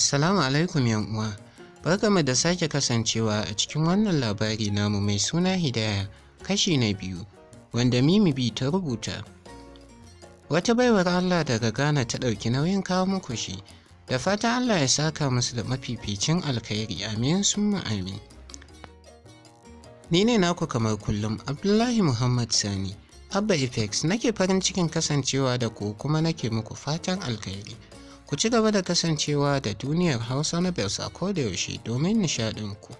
Assalamu alaikum uwa. Barkamu da sake kasancewa a cikin wannan labari namu mai suna Hidaya, kashi na biyu, wanda Mimi bi ta rubuta. Wata baiwar Allah daga Ghana ta ɗauki nauyin kawo muku shi, da fata Allah ya saka musu da mafificin alkhairi amin sun amin. Ni ne naku kamar kullum Abdullahi Muhammad Sani, Abba Effects nake farin cikin kasancewa da ku kuma nake muku fatan alkhairi. Ku ci gaba da kasancewa da duniyar Hausa na Belsa ko da yaushe domin nishaɗinku. ku.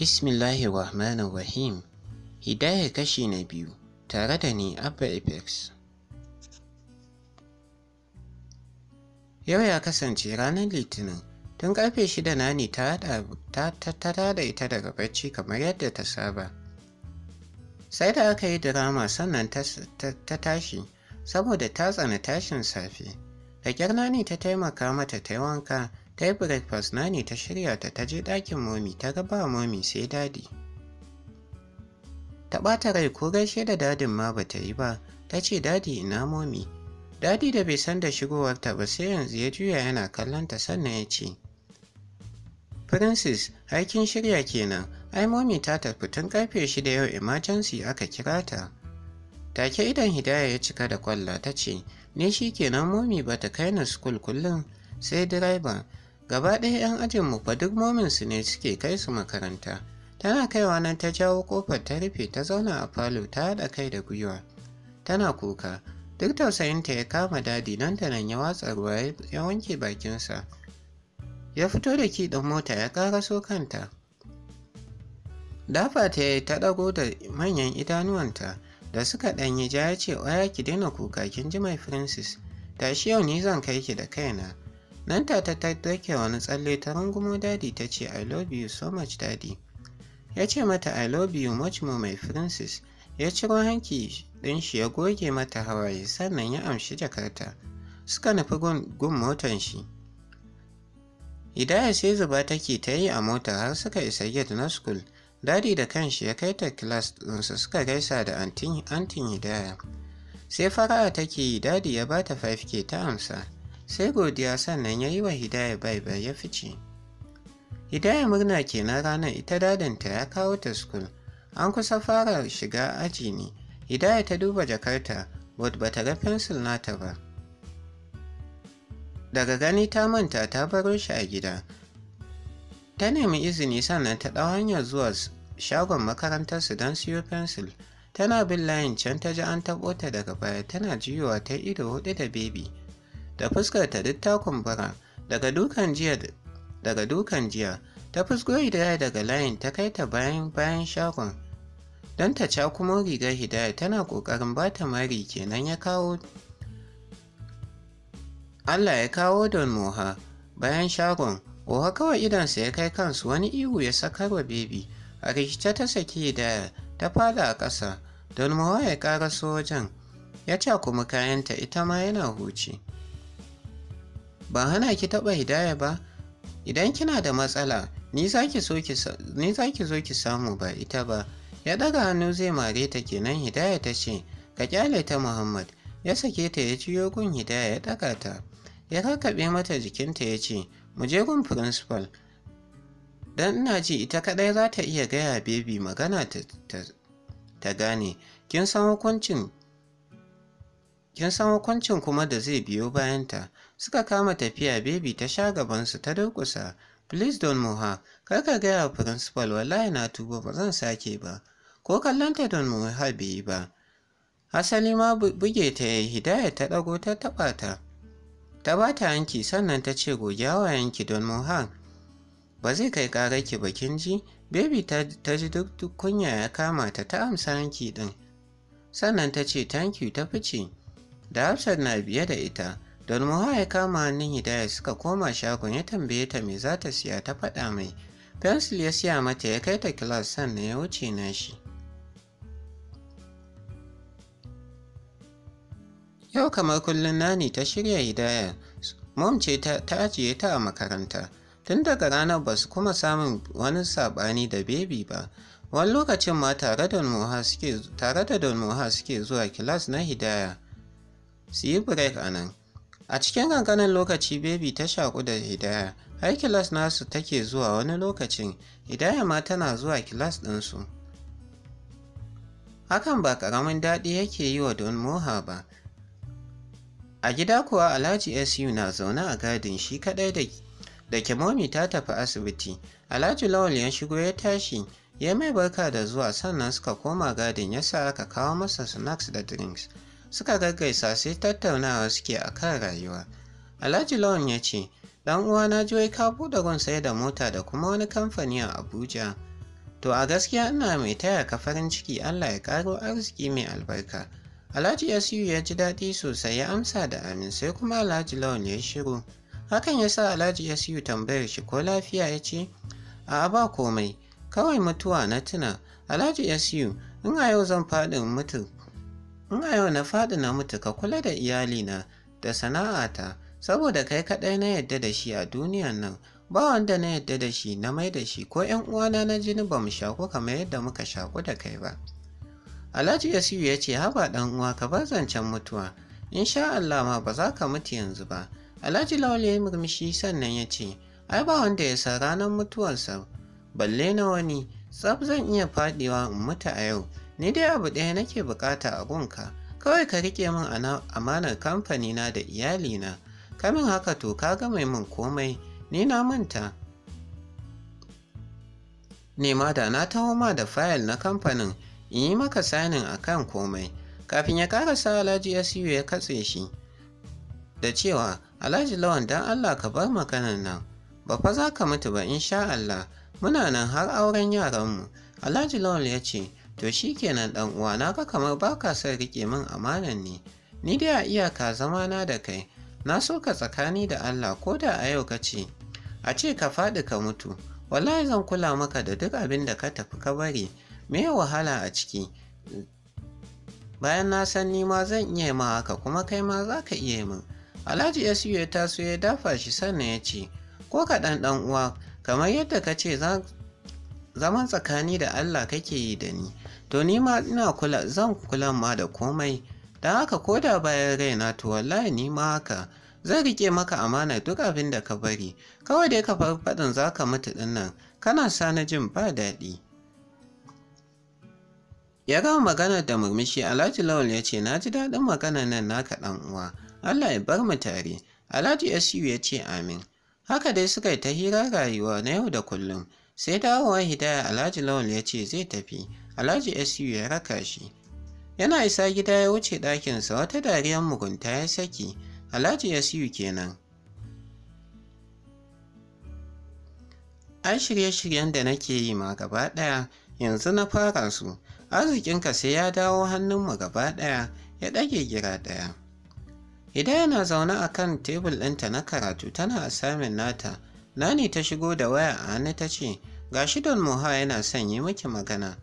Bismillahi Rahmanir Rahim. Hidaya kashi na biyu tare da ni Abba Apex. Yau ya kasance ranar Litinin tun karfe shida na ne ta tada ita daga bacci kamar yadda ta saba. Sai da aka yi dirama sannan ta tashi saboda ta tsana tashin safe. Da kyar ne ta taimaka mata ta yi wanka ta yi breakfast na ne ta shirya ta ta je ɗakin momi ta ga ba momi sai dadi ta ɓata rai ko gaishe da dadin ma ba ta yi ba ta ce dadi ina momi dadi da bai san da shigowarta ba sai yanzu ya juya yana kallon ta sannan ya ce Princess, aikin shirya kenan, ai momi ta tafi tun karfe shida yau emergency aka kira ta. Take idan Hidaya ya cika da kwalla ta ce, Ni shi kenan momi ba ta kai ni school kullum sai direba, gaba ɗaya 'yan ajinmu fa duk mominsu ne suke kai su makaranta tana kaiwa nan ta jawo kofar ta rufe ta zauna a falo ta haɗa kai da gwiwa tana kuka duk tausayinta ya kama dadi nan da nan ya watsa ruwa ya wanke bakinsa ya fito da ki ɗin mota ya ƙaraso kanta dafa ta yi ta ɗago da manyan idanuwanta da suka ɗanyi ja ya ce oya ki daina kuka kin ji mai francis tashi yau ni zan kai ki da kaina Nan ta ta take wani tsalle ta rungumo dadi ta ce I love you so much daddy. Ya ce mata I love you much more my princess. Ya ciro hanki ɗin shi ya goge mata hawaye sannan ya amshi jakarta. Suka nufi gun motan shi. Hidaya sai zuba take ta yi a mota har suka isa gate na school. Dadi da kanshi ya kai ta class ɗinsu suka gaisa da antin Hidaya. Sai fara'a take yi dadi ya bata 5k ta amsa. sai godiya sannan ya yi wa hidaya baiba ya fice hidaya murna kenan ranar ita dadanta ya kawo ta skul an kusa fara shiga aji ne hidaya ta duba jakarta but ba ta ga fensil nata ba daga gani ta manta ta baro shi a gida ta nemi izini sannan ta ɗau hanyar zuwa shagon makarantar su don siyo fensil tana bin layin can ta ji an taɓo ta daga baya tana jiyowa ta ido hudu da bebi da fuskar ta duk kumbura daga dukan jiya daga dukan jiya ta fusko hidaya daga layin ta kai ta bayan bayan shagon don ta ca kuma riga hidaya tana ƙoƙarin ba ta mari kenan ya kawo allah ya kawo don moha bayan shagon oha kawai idansa ya kai kansu wani ihu ya sakarwa bebi a rikice ta saki hidaya ta fada a ƙasa don moha ya ƙaraso wajen ya ca kuma kayanta ita ma yana huci. Ba hana ki taɓa hidaya ba idan kina da matsala ni za ki zo ki samu ba ita ba ya ɗaga hannu zai mare ta kenan hidaya ta ce ka kyale ta muhammad ya sake ta ya ciyo gun hidaya ya ɗaga ta ya kakkaɓe mata jikinta ya ce mu je gun principal don ina ji ita kaɗai za ta iya gaya bebi magana ta gane kin san hukuncin kuma da zai biyo bayanta suka kama tafiya bebi ta sha gabansu ta durƙusa please don moha, kar ka gaya wa principal wallahi na tuba ba zan sake ba ko kallonta don moha bai ba asali ma buge ta yi hidaya ta ɗago ta taba ta ta ba ta hanki sannan ta ce goge yanki don moha. ba zai kai ki ba kin ji Baby ta ji duk kunya ya kama ta ta amsa hanki din. Sannan ta ce thank you ta fice. Da Hafsat na biye da ita, don mawa ya kama hannun hidaya suka koma shagon ya tambaye ta me za ta siya ta faɗa mai fensil ya siya mata ya kai ta kilas sannan ya wuce nashi yau kamar kullum nani ta shirya hidaya mom ce ta ajiye ta a makaranta tun daga ranar ba su kuma samun wani saɓani da bebi ba wani lokacin ma tare da don moha suke zuwa kilas na hidaya su yi break a nan a cikin kankanin lokaci baby ta shaƙu da hidaya har kilas nasu take zuwa wani lokacin hidaya ma tana zuwa kilas ɗinsu hakan ba ƙaramin daɗi yake yi wa don moha ba a gida kuwa alhaji su na zaune a gadin shi kaɗai da da kimomi ta tafi asibiti alhaji lawal ya shigo ya tashi ya mai barka da zuwa sannan suka koma gadin ya sa aka kawo masa snacks da drinks suka gaggaisa sai tattaunawa suke a kan rayuwa alhaji lawan ya ce dan uwa na ji ka bude gun sai da mota da kuma wani kamfani a abuja to a gaskiya ina mai taya ka farin ciki allah ya karo arziki mai albarka alhaji Yasu ya ji daɗi sosai ya amsa da amin sai kuma alhaji lawan ya shiru hakan ya sa alhaji Yasu tambayar shi ko lafiya ya ce a'a ba komai kawai mutuwa na tuna alhaji Yasu, in a yau zan faɗin mutu in a yau na faɗi na mutu ka kula da iyalina da sana'ata saboda kai kaɗai na yadda da shi a duniyan nan ba wanda na yadda da shi na mai da shi ko ‘yan uwana na jini ba mu shaku kamar yadda muka shaku da kai ba. Alhaji Yasiru ya ce haba ɗan uwa ka bar zancen mutuwa in sha Allah ma ba za ka mutu yanzu ba. Alhaji Lawal ya yi murmushi sannan ya ce ai ba wanda ya sa ranar mutuwarsa balle na wani tsaf zan iya faɗiwa in mutu a yau ni dai abu ɗaya nake bukata a gunka kawai ka rike min amanar kamfani na da iyalina kamin haka to ka ga mai min komai ni na manta nema da na taho ma da fayil na kamfanin in yi maka sanin a kan komai kafin ya karasa alhaji su ya katse shi da cewa alhaji lawan dan allah ka bar makanan nan ba fa za ka mutu ba in sha allah muna nan har auren yaranmu alhaji lawan ya ce To shi kenan ɗan uwa na kamar ba ka son riƙe min amanan ne. Ni dai a iyaka zama na da kai. Na so ka tsakani da Allah ko da a yau ka ce. A ce ka faɗi ka mutu. Wallahi zan kula maka da duk abin da ka tafi ka bari. Me wahala a ciki? Bayan na san ni ma zan iya ma haka kuma kai ma za ka iya min. Alhaji Yasiyu ya taso ya dafa shi sannan ya ce, Ko ka ɗan ɗan uwa, kamar yadda ka ce za zaman tsakani da Allah kake yi da ni to ni ma ina kula zan kula ma da komai da haka ko da bayan raina to wallahi ni ma haka zan rike maka amana duk abin da ka bari kawai dai ka farfaɗin za ka mutu ɗinnan. kana sa na jin ba daɗi ya gama maganar da murmushi alhaji lawal ya ce na ji daɗin magana nan naka ɗan uwa allah ya bar mu tare alhaji su ya ce amin haka dai suka yi ta hira rayuwa na yau da kullum sai dawowa hidaya alhaji lawal ya ce zai tafi alhaji su ya raka shi yana isa gida ya wuce ɗakinsa wata dariyar mugunta ya saki alhaji su kenan An shirye-shiryen da nake yi ma gaba ɗaya yanzu na fara su arzikinka sai ya dawo hannunmu gaba ɗaya ya ɗage gira ɗaya hidaya na zaune a kan tebul ɗinta na karatu tana a samin nata Nani ta shigo da waya a hannu ta ce, Ga shi Don Moha yana son yi miki magana.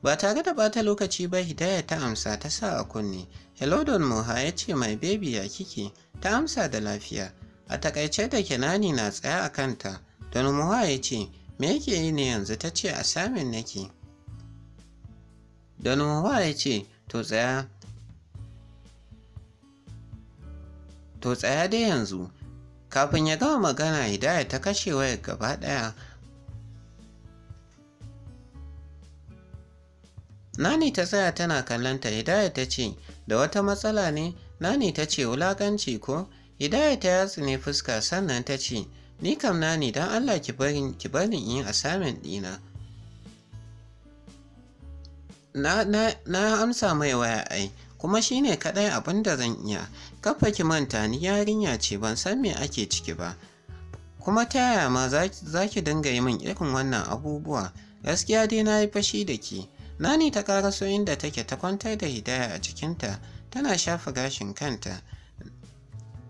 Ba tare da bata lokaci ba Hidaya ta amsa ta sa a kunne. Hello Don Moha ya ce mai bebi ya kike, ta amsa da lafiya. A takaice da ke nani na tsaya a kanta, Don Moha ya ce, Me yake yi ne yanzu ta ce a samin nake. Don Moha ya ce, To tsaya, To tsaya dai yanzu, kafin ya gama magana hidaya ta kashe waya gaba ɗaya nani ta tsaya tana kallonta hidaya ta ce da wata matsala ne nani ta ce wulaƙanci ko hidaya ta yatsu ne fuska sannan ta ce ni kam nani don allah ki bari in yi asamin ɗina na, na, na amsa mai waya ai kuma shine ne kaɗai abin da zan iya kafa ki manta ni yarinya ce ban san me ake ciki ba kuma ta yaya ma za ki dinga yi min irin wannan abubuwa gaskiya dai na yi fashi da ki nani ta karaso inda take ta kwantar da hidaya a cikinta tana shafa gashin kanta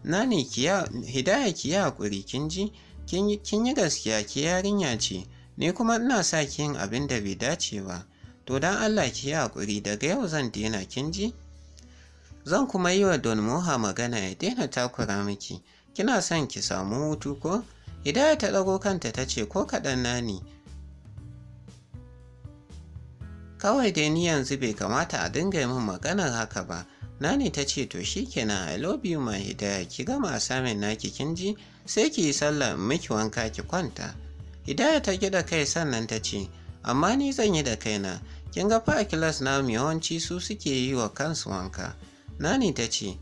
nani kiya hidaya ki yi hakuri kin ji kin yi gaskiya ki yarinya ce ni kuma ina sa ki yin abin da bai dace ba to don allah ki yi hakuri, daga yau zan daina kin ji Zan kuma yi wa Don Moha magana ya daina takura miki. Kina son ki samu hutu ko? Hidaya ta ɗago kanta ta ce ko kaɗan na ne. Kawai dai ni yanzu bai kamata a dinga min maganar haka ba. Nani ta ce to shi kenan I love you Hidaya ki gama samin naki kin ji sai ki yi sallah miki wanka ki kwanta. Hidaya ta gida kai sannan ta ce amma ni zan yi da kaina kin ga fa a kilas na yawanci su suke yi wa kansu wanka. nani ta ce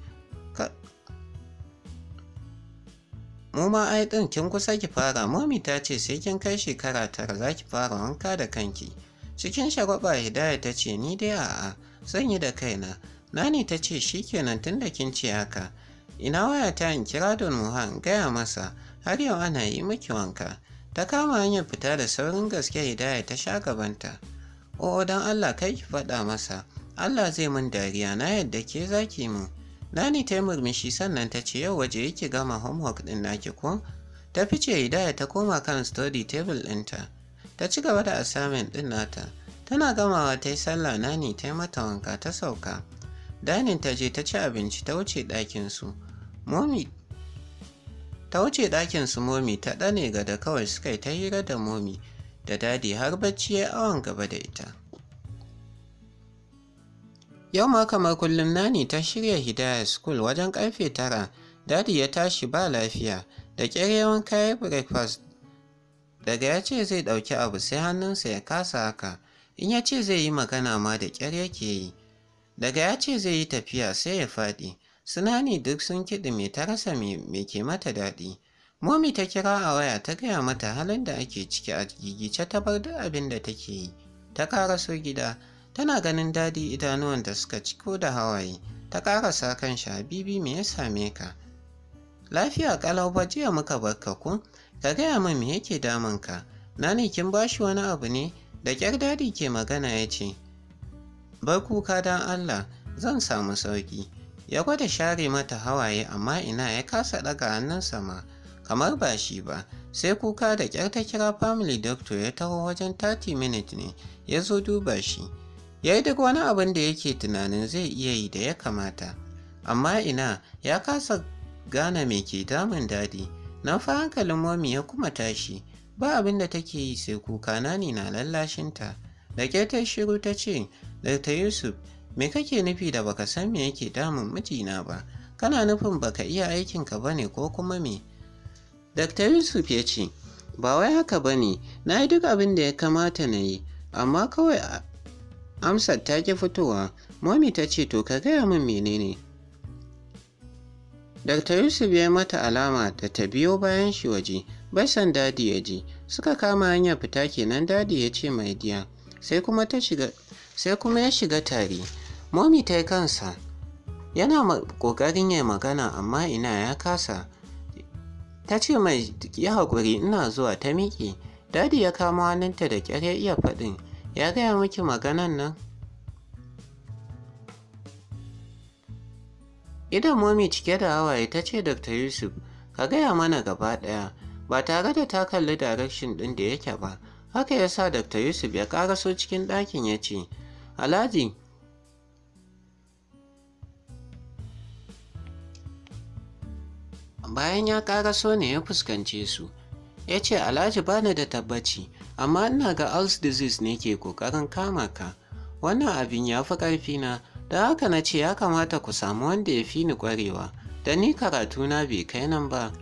mu ma ai ɗin kin kusa ki fara Mami ta ce sai kin kai shekara tara za ki fara wanka da kanki cikin shagwaba hidaya ta ce ni dai a'a zan yi da kaina nani ta ce kenan tun da kin ce haka ina waya ta in kira don muhan gaya masa har yau ana yi miki wanka ta kama hanyar fita da saurin gaske hidaya ta sha gabanta o'o oh, don allah kai ki faɗa masa Allah zai mun dariya na yadda ke zaki mun. Nani ta yi murmushi sannan ta ce yau waje yake gama homework ɗin naki ko? Ta fice Hidaya ta koma kan study table ɗinta. Ta ci gaba da assignment ɗin nata. Tana gamawa ta yi sallah Nani ta yi mata wanka ta sauka. Dining ta je ta ci abinci ta wuce ɗakinsu. Momi ta wuce ɗakin su momi ta ɗane ga da kawai suka yi ta hira da momi da dadi har bacci ya awon gaba da ita. Yau ma kamar kullum Nani ta shirya Hidaya School wajen karfe tara, Dadi ya tashi ba lafiya, da ƙyar kayan breakfast. Daga ya ce zai ɗauki abu sai hannunsa ya kasa haka, in ya ce zai yi magana ma da ƙyar yake yi. Daga ya ce zai yi tafiya sai ya faɗi, Sunani duk sun kiɗi mai ta rasa mai ke mata daɗi. Momi ta kira a waya ta gaya mata halin da ake ciki a gigice ta bar duk abin da take yi. Ta karaso gida. tana ganin dadi idanuwan da suka ciko da hawaye ta ƙarasa kan shi habibi me ya same ka lafiya ƙalau ba jiya muka barka ku ka gaya min me yake damun ka na ne kin bashi wani abu ne da ƙyar dadi ke magana ya ce bar kuka don allah zan samu sauƙi ya gwada share mata hawaye amma ina ya kasa ɗaga hannunsa sama kamar ba shi ba sai kuka da ƙyar ta kira family doctor ya taho wajen 30 minutes ne ya zo duba shi ya yi duk wani abin da yake tunanin zai iya yi da ya kamata amma ina ya kasa gane me ke damun dadi nan fa hankalin momi ya kuma tashi ba abin da take yi sai kuka nani na lallashinta da ta shiru ta ce ta yusuf me kake nufi da baka san me yake damun mijina ba kana nufin baka iya aikinka ba ne ko kuma me Dr. yusuf ya ce ba wai haka ba ne na yi duk abin da ya kamata na yi amma kawai Amsar ta ki fitowa, Momi ta ce to ka gaya min menene. Dakta Yusuf ya mata alama da ta biyo bayan shi waje, bai san dadi ya ji, suka kama hanyar fita kenan dadi ya ce mai diya, sai kuma ya shiga tari. Momi ta yi kansa, yana ƙoƙarin ya magana amma ina ya kasa. Ta ce mai ya haƙuri ina zuwa ta miƙe, dadi ya kama hannunta da ƙyar ya iya faɗin. ya gaya maki maganan nan idan momi cike da hawaye ta ce dr yusuf ka gaya mana gaba ɗaya ba tare da ta kalli direction ɗin da yake ba haka ya sa dr yusuf ya ƙaraso cikin ɗakin ya ce alhaji bayan ya ƙaraso ne ya fuskance su ya ce alhaji bani da tabbaci amma ina ga als disease ne ke kokarin kama ka wannan abin ya fi ƙarfina don haka na ce ya kamata ku samu wanda ya fi ni ƙwarewa da ni karatuna bai kai nan ba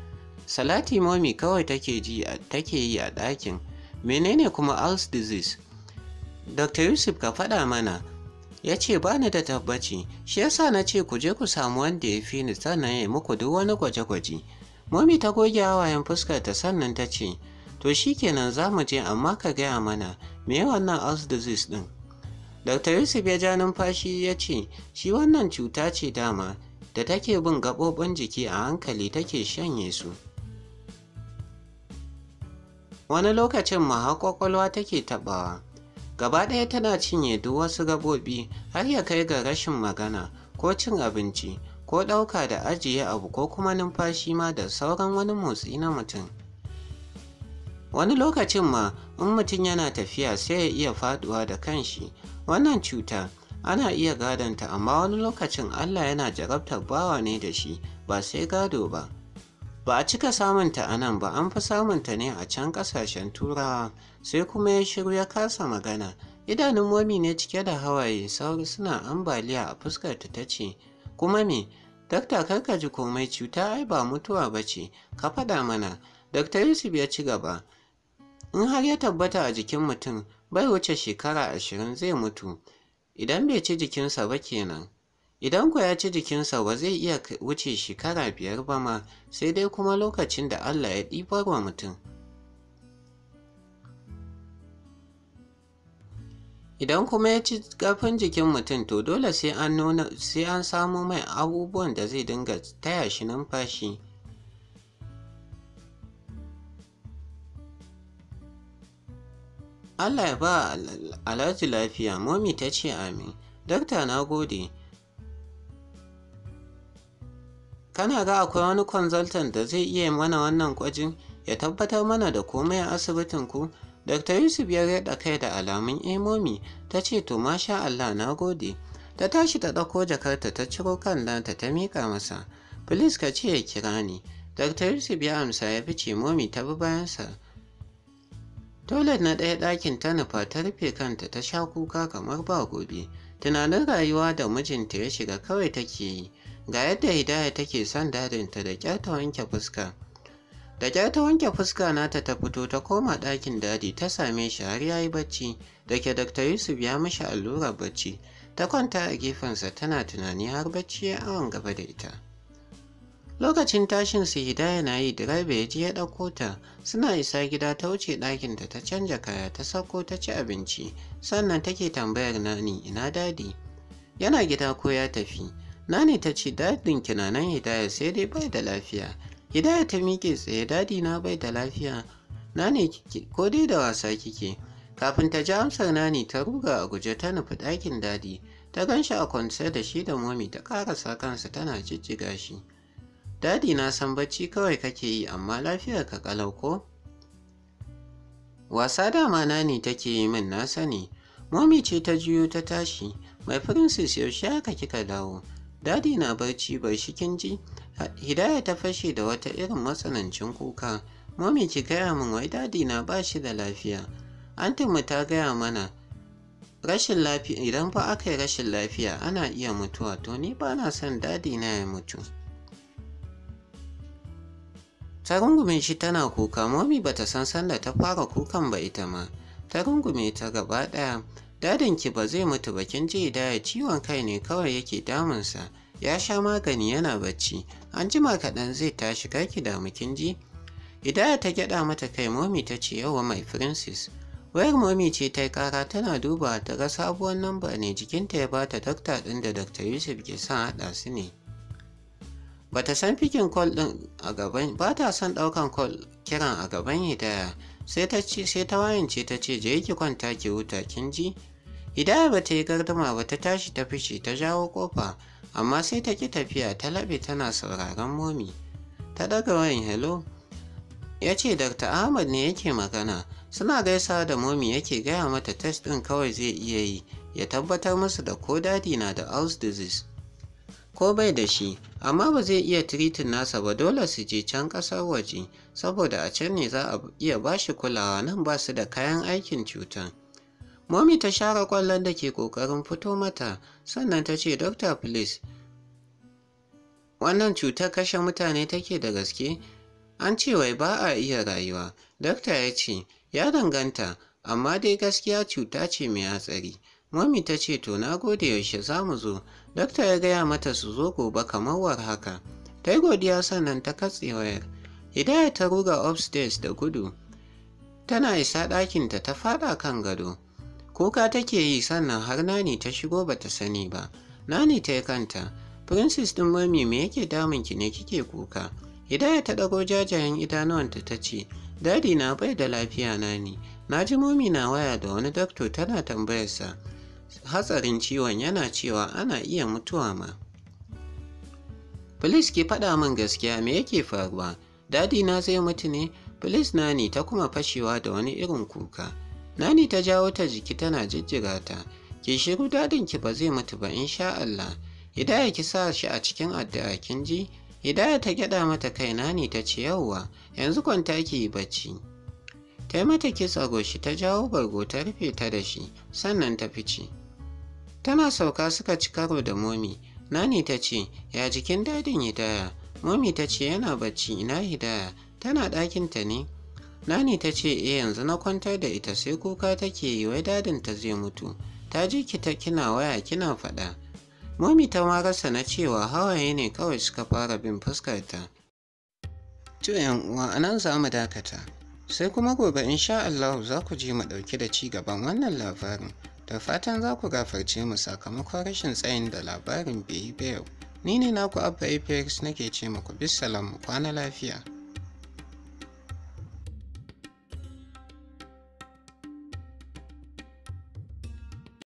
salati momi kawai take ji take yi a ɗakin menene kuma als disease dr yusuf ka faɗa mana ya ce ba ni da tabbaci shi yasa na ce ku je ku samu wanda ya fi ni sannan ya muku duk wani gwaje-gwaje Momi ta goge hawayen fuskar ta sannan ta ce, To shi kenan za mu je amma ka gaya mana me wannan Alz disease ɗin? Dr. Yusuf ya ja numfashi ya ce, Shi wannan cuta ce dama da take bin gaɓoɓin jiki a hankali take shanye su. Wani lokacin ma har ƙwaƙwalwa take taɓawa. Gaba ɗaya tana cinye duk wasu gaɓoɓi har ya kai ga rashin magana ko cin abinci ko ɗauka da ajiye abu ko kuma numfashi ma da sauran wani motsi na mutum wani lokacin ma in mutum yana tafiya sai ya iya faduwa da kanshi wannan cuta ana iya gadonta amma wani lokacin allah yana jarabtar bawa ne da shi ba sai gado ba ba a cika samunta a nan ba an fi samunta ne a can ƙasashen turawa sai kuma ya shiru ya kasa magana idanun momi ne cike da hawaye sauri suna ambaliya a fuskarta ta ce kuma me dakta kar ka ji komai cuta ai ba mutuwa ba ce ka faɗa mana dakta yusuf ya ci gaba in har ya tabbata a jikin mutum bai wuce shekara ashirin zai mutu idan bai ci jikinsa ba kenan idan ku ya ci jikinsa ba zai iya wuce shekara biyar ba ma sai dai kuma lokacin da allah ya ɗibar wa mutum Idan kuma ya ci ƙarfin jikin mutum to dole sai an samo mai abubuwan da zai dinga taya shi numfashi. Allah ya ba Alhaji lafiya, momi ta ce amin. Dokta na gode. Kana ga akwai wani consultant da zai iya mana wannan kwajin ya tabbatar mana da komai a asibitin ku? Dr. Yusuf ya gaɗa kai da alamun emomi ta ce to masha Allah na gode. Ta tashi ta ɗauko jakarta ta ciro kan nata ta miƙa masa. Filis ka ce ya kira ni. Dr. Yusuf ya amsa ya fice momi ta bi bayansa. Toilet na ɗaya ɗakin ta nufa ta rufe kanta ta sha kuka kamar ba gobe. Tunanin rayuwa da mijinta ya shiga kawai take yi. Ga yadda Hidaya take son dadinta da ƙyar ta wanke fuska. Da ƙyar ta wanke fuska nata ta fito ta koma ɗakin dadi ta same shi har ya yi bacci da ke Dr. Yusuf ya mashi allurar bacci. Ta kwanta a gefensa tana tunani har bacci ya awon gaba da ita. Lokacin tashin su hidaya na yi direba ya ji ya ɗauko ta suna isa gida ta wuce ɗakinta ta canja kaya ta sauko ta ci abinci sannan take tambayar nani ina dadi. Yana gida ko ya tafi. Nani ta ce dadin kinanan hidaya sai dai bai da lafiya Hidaya ta miƙe tsaye dadi na bai da lafiya. Na ne ko dai da wasa kike. Kafin ta ji amsar nani ta ruga a guje ta nufi ɗakin dadi. Ta gan shi a kwance da shi da momi ta ƙarasa kansa tana jijjiga shi. Dadi na san bacci kawai kake yi amma lafiyar ka ƙalau ko? Wasa dama nani take yi min na sani. Momi ce ta juyo ta tashi. Mai firinsis yaushe haka kika dawo? Dadi na barci bai shi kin ji? Hidaya ta fashe da wata irin matsanancin kuka. Mami ki gaya min wai dadi na ba shi da lafiya. Antinmu ta gaya mana rashin lafiya idan fa aka yi rashin lafiya ana iya mutuwa to ni ba na son dadi na ya mutu. Ta rungume shi tana kuka, Mami bata san sanda ta fara kukan ba ita ma. Ta ta gaba ɗaya. ki ba zai mutu ba kin ji hidaya ciwon kai ne kawai yake damunsa. Ya sha magani yana bacci. An jima kaɗan zai tashi kaki damu kin ji. Hidaya ta gyaɗa mata kai momi ta ce yawa mai princess. Wayar momi ce ta kara tana duba ta ga sabuwar namba ne jikinta ya bata dokta ɗin da Dr. Yusuf ke son haɗa su ne. Bata san fikin call ɗin a gaban ba ta son ɗaukan kol kiran a gaban hidaya sai ta wayance ta ce je ki kwanta ki huta kin ji Ida ba ta yi gardama ba ta tashi ta fice ta jawo kofa amma sai ta ƙi tafiya ta labe tana sauraron momi. Ta daga wayan hello. Ya ce Dr. Ahmad ne yake magana, suna gaisawa da momi yake gaya mata test ɗin kawai zai iya yi, ya tabbatar musu da ko dadi na da Alz disease. Ko bai da shi, amma ba zai iya tiritin nasa ba dole su je can ƙasar waje, saboda a can ne za a iya ba shi kulawa nan ba su da kayan aikin cutar. Momi ta share kwallon da ke ƙoƙarin fito mata, sannan ta ce, Dr. please, wannan cutar kashe mutane take da gaske? An ce wai ba a iya rayuwa. Dokta ya ce, ya danganta, amma dai gaskiya cuta ce mai hatsari. Momi ta ce, to na gode yaushe za mu zo. Dokta ya gaya mata su zo gobe kamar war haka. Ta yi godiya sannan ta katse wayar. Hidaya ta ruga upstairs da gudu. Tana isa ɗakinta ta faɗa kan gado. Kuka take yi sannan har Nani ta shigo bata sani ba. Nani ta yi kanta, Princess ɗin mami me yake damun ki ne kike kuka? Hidaya ta ɗago jajayen idanuwanta ta ce, Dadi na bai da lafiya Nani, na ji mami na waya da wani dakto tana tambayarsa. Hatsarin ciwon yana cewa ana iya mutuwa ma. Police ki faɗa min gaskiya me yake faruwa? Dadi na zai mutu ne? Please Nani ta kuma fashewa da wani irin kuka. Nani ta jawo ta jiki tana jijjiga ta. Ki shiru dadinki ba zai mutu ba insha Allah. Hidaya ki sa shi a cikin addu'a kin ji? Hidaya ta gyada mata kai Nani ta ce yauwa yanzu kwanta ki yi bacci. Ta yi mata kitsa goshi ta jawo bargo ta rufe ta da shi sannan ta fice. Tana sauka suka ci karo da momi. Nani ta ce ya jikin dadin Hidaya? Momi ta ce yana bacci ina Hidaya tana ɗakinta ne. Nani ta ce e yanzu na kwantar da ita sai kuka take yi wai dadin ta zai mutu. Ta ji ki ta kina waya kina faɗa. Mami ta ma rasa na cewa hawaye ne kawai suka fara bin ta To yan uwa anan za mu dakata. Sai kuma gobe insha Allah za ku je mu ɗauki da ci gaban wannan labarin. Da fatan za ku gafarce mu sakamakon rashin tsayin da labarin bai yi ba yau. Ni ne naku Abba Apex nake ce muku bisalam mu kwana lafiya.